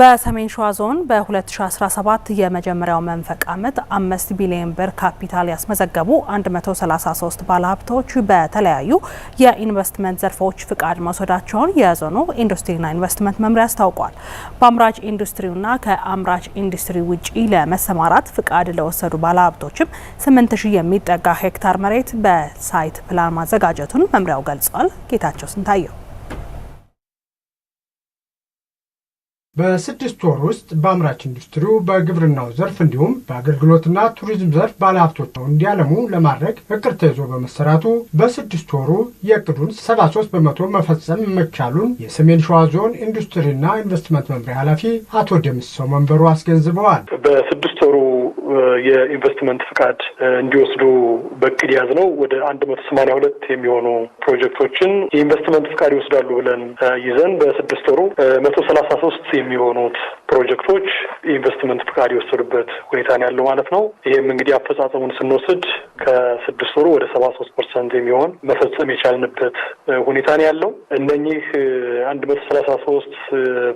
በሰሜን ሸዋ ዞን በ2017 የመጀመሪያው መንፈቅ ዓመት አምስት ቢሊዮን ብር ካፒታል ያስመዘገቡ 133 ባለሀብቶች በተለያዩ የኢንቨስትመንት ዘርፎች ፍቃድ መውሰዳቸውን የዞኑ ኢንዱስትሪና ኢንቨስትመንት መምሪያ አስታውቋል። በአምራች ኢንዱስትሪውና ከአምራች ኢንዱስትሪ ውጪ ለመሰማራት ፍቃድ ለወሰዱ ባለሀብቶችም 8000 የሚጠጋ ሄክታር መሬት በሳይት ፕላን ማዘጋጀቱን መምሪያው ገልጿል። ጌታቸው ስንታየው በስድስት ወር ውስጥ በአምራች ኢንዱስትሪው በግብርናው ዘርፍ እንዲሁም በአገልግሎትና ቱሪዝም ዘርፍ ባለሀብቶች እንዲያለሙ ለማድረግ እቅድ ተይዞ በመሰራቱ በስድስት ወሩ የእቅዱን 73 በመቶ መፈጸም መቻሉን የሰሜን ሸዋ ዞን ኢንዱስትሪና ኢንቨስትመንት መምሪያ ኃላፊ አቶ ደምሰው መንበሩ አስገንዝበዋል። በስድስት ወሩ የኢንቨስትመንት ፍቃድ እንዲወስዱ በቅድ ያዝ ነው ወደ አንድ መቶ ሰማኒያ ሁለት የሚሆኑ ፕሮጀክቶችን የኢንቨስትመንት ፍቃድ ይወስዳሉ ብለን ይዘን በስድስት ወሩ መቶ ሰላሳ ሶስት የሚሆኑት ፕሮጀክቶች ኢንቨስትመንት ፍቃድ የወሰዱበት ሁኔታ ነው ያለው ማለት ነው። ይህም እንግዲህ አፈጻጸሙን ስንወስድ ከስድስት ወሩ ወደ ሰባ ሶስት ፐርሰንት የሚሆን መፈጸም የቻልንበት ሁኔታ ነው ያለው። እነኚህ አንድ መቶ ሰላሳ ሶስት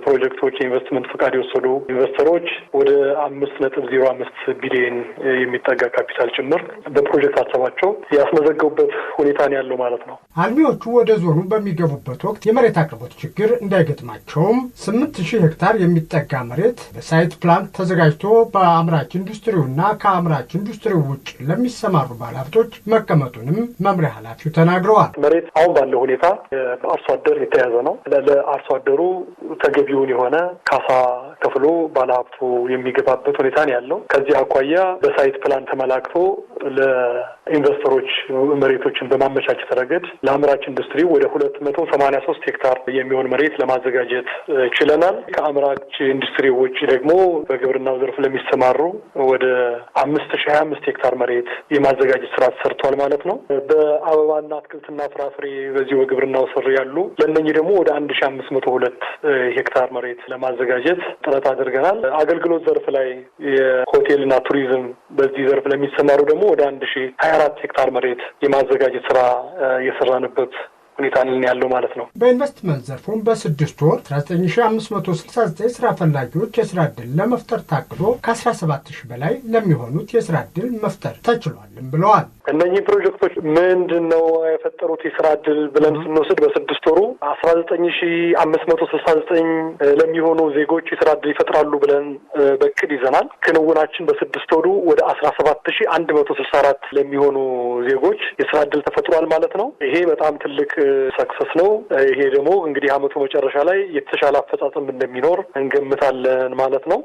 ፕሮጀክቶች የኢንቨስትመንት ፍቃድ የወሰዱ ኢንቨስተሮች ወደ አምስት ነጥብ ዜሮ አምስት ቢሊዮን የሚጠጋ ካፒታል ጭምር በፕሮጀክት አሰባቸው ያስመዘገቡበት ሁኔታ ነው ያለው ማለት ነው። አልሚዎቹ ወደ ዞኑ በሚገቡበት ወቅት የመሬት አቅርቦት ችግር እንዳይገጥማቸውም ስምንት ሺህ ሄክታር የሚጠጋ መሬት በሳይት ፕላን ተዘጋጅቶ በአምራች ኢንዱስትሪውና ከአምራች ኢንዱስትሪው ውጭ ለሚሰማሩ ባለሀብቶች መቀመጡንም መምሪያ ኃላፊው ተናግረዋል። መሬት አሁን ባለው ሁኔታ አርሶ አደር የተያዘ ነው። ለአርሶ አደሩ ተገቢውን የሆነ ካሳ ከፍሎ ባለሀብቱ የሚገባበት ሁኔታ ነው ያለው። ከዚህ አኳያ በሳይት ፕላን ተመላክቶ ለኢንቨስተሮች መሬቶችን በማመቻቸት ረገድ ለአምራች ኢንዱስትሪ ወደ ሁለት መቶ ሰማኒያ ሶስት ሄክታር የሚሆን መሬት ለማዘጋጀት ችለናል። ከአምራች ኢንዱስትሪ ውጭ ደግሞ በግብርናው ዘርፍ ለሚሰማሩ ወደ አምስት ሺ ሀያ አምስት ሄክታር መሬት የማዘጋጀት ስራ ተሰርቷል ማለት ነው። በአበባና አትክልትና ፍራፍሬ በዚህ በግብርናው ስር ያሉ ለእነኚህ ደግሞ ወደ አንድ ሺ አምስት መቶ ሁለት ሄክታር መሬት ለማዘጋጀት ጥረት አድርገናል። አገልግሎት ዘርፍ ላይ የሆቴልና ቱሪዝም በዚህ ዘርፍ ለሚሰማሩ ደግሞ ወደ አንድ ሺ ሀያ አራት ሄክታር መሬት የማዘጋጀት ስራ የሰራንበት ሁኔታ ያለው ማለት ነው። በኢንቨስትመንት ዘርፉም በስድስት ወር አስራ አምስት መቶ ስልሳ ዘጠኝ ስራ ፈላጊዎች የስራ እድል ለመፍጠር ታቅዶ ከአስራ ሰባት ሺህ በላይ ለሚሆኑት የስራ እድል መፍጠር ተችሏልም ብለዋል። እነኚህ ፕሮጀክቶች ምንድን ነው የፈጠሩት የስራ እድል ብለን ስንወስድ በስድስት ወሩ አስራ ዘጠኝ ሺ አምስት መቶ ስልሳ ዘጠኝ ለሚሆኑ ዜጎች የስራ እድል ይፈጥራሉ ብለን በእቅድ ይዘናል። ክንውናችን በስድስት ወሩ ወደ አስራ ሰባት ሺ አንድ መቶ ስልሳ አራት ለሚሆኑ ዜጎች የስራ እድል ተፈጥሯል ማለት ነው። ይሄ በጣም ትልቅ ሰክሰስ ነው። ይሄ ደግሞ እንግዲህ አመቱ መጨረሻ ላይ የተሻለ አፈጻጸም እንደሚኖር እንገምታለን ማለት ነው።